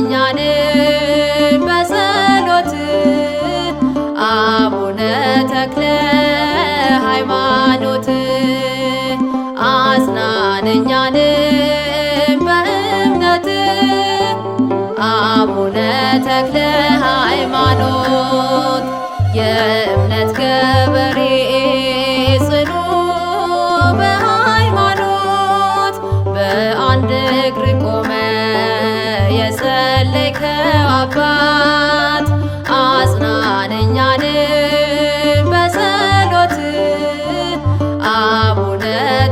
እኛንም በጸሎት አቡነ ተክለ ሃይማኖት አጽናን እኛንም በእምነት አቡነ ተክለ ሃይማኖት የእምነት ገበሬ አድን እኛን በጸሎት አቡነ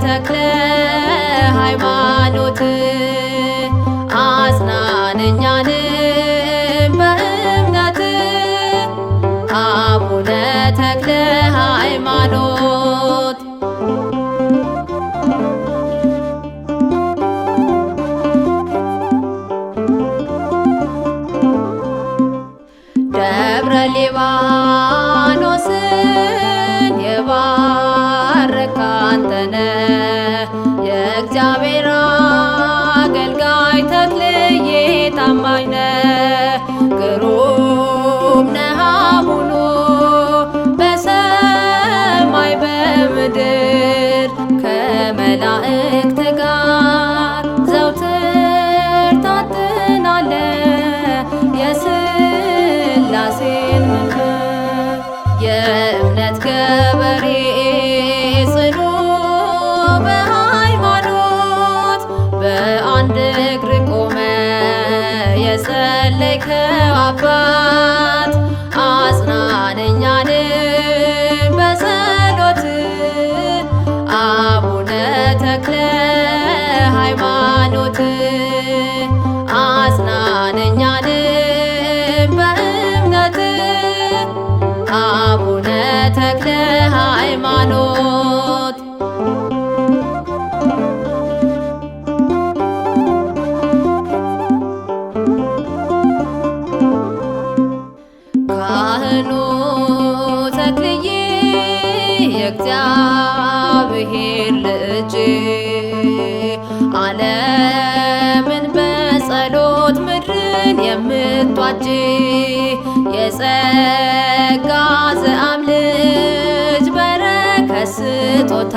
ተክለ ሃይማኖት አጽናን እኛን በእምነት አቡነ ተክለ ሃይማኖት የጸለይከው አባት አጽናነኛ በጸሎት አቡነ ተክለ ሃይማኖት በእምነት አቡነ ተክለ ሃይማኖት ዓለምን በጸሎት ምድርን የምትዋጅ የጸጋ ዘአብ ልጅ በረከት ስጦታ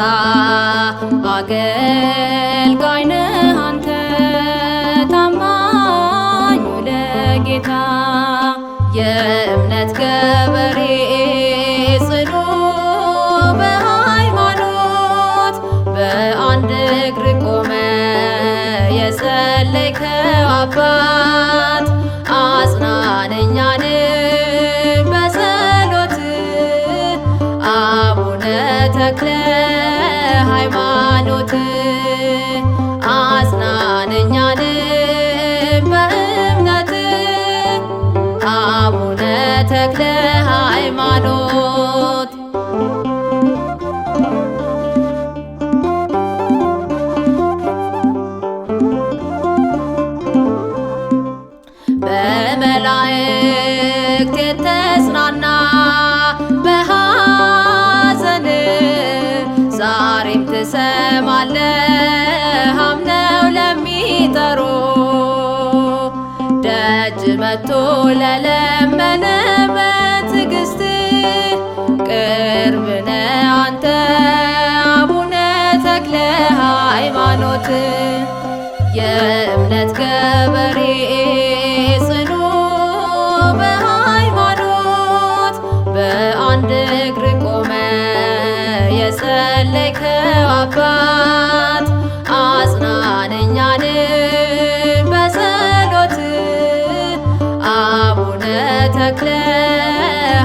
አገልጋይ ነህ አንተ ታማኙ ለጌታ የእምነት ገበሬ አባት አጽናነኛን በጸሎት አቡነ ተክለ ሃይማኖት አጽናነኛን በእምነት አቡነ ተክለ ሃይማኖት ደጅ መቶ ለለመነ በትዕግስት ቅርብ ነህ አንተ አቡነ ተክለ ሃይማኖት የእምነት ገበሬ ጽኑ በሃይማኖት በአንድ እግር ቆመ የጸለይከው አባ ተክለ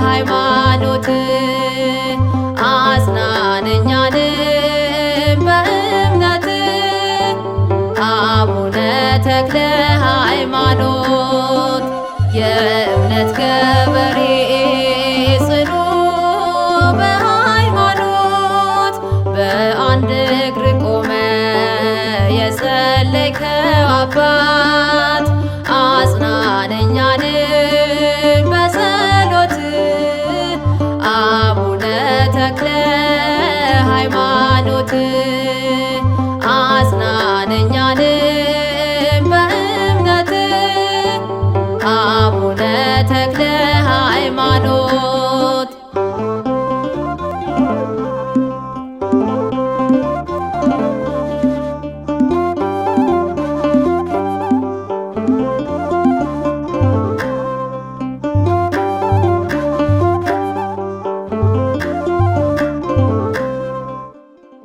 ሃይማኖት አጽናነኛንም በእምነት አቡነ ተክለ ሃይማኖት የእምነት ገበሬ ጽኑ በሃይማኖት በአንድ እግር ቆመ የጸለይከው አባት አጽናነኛን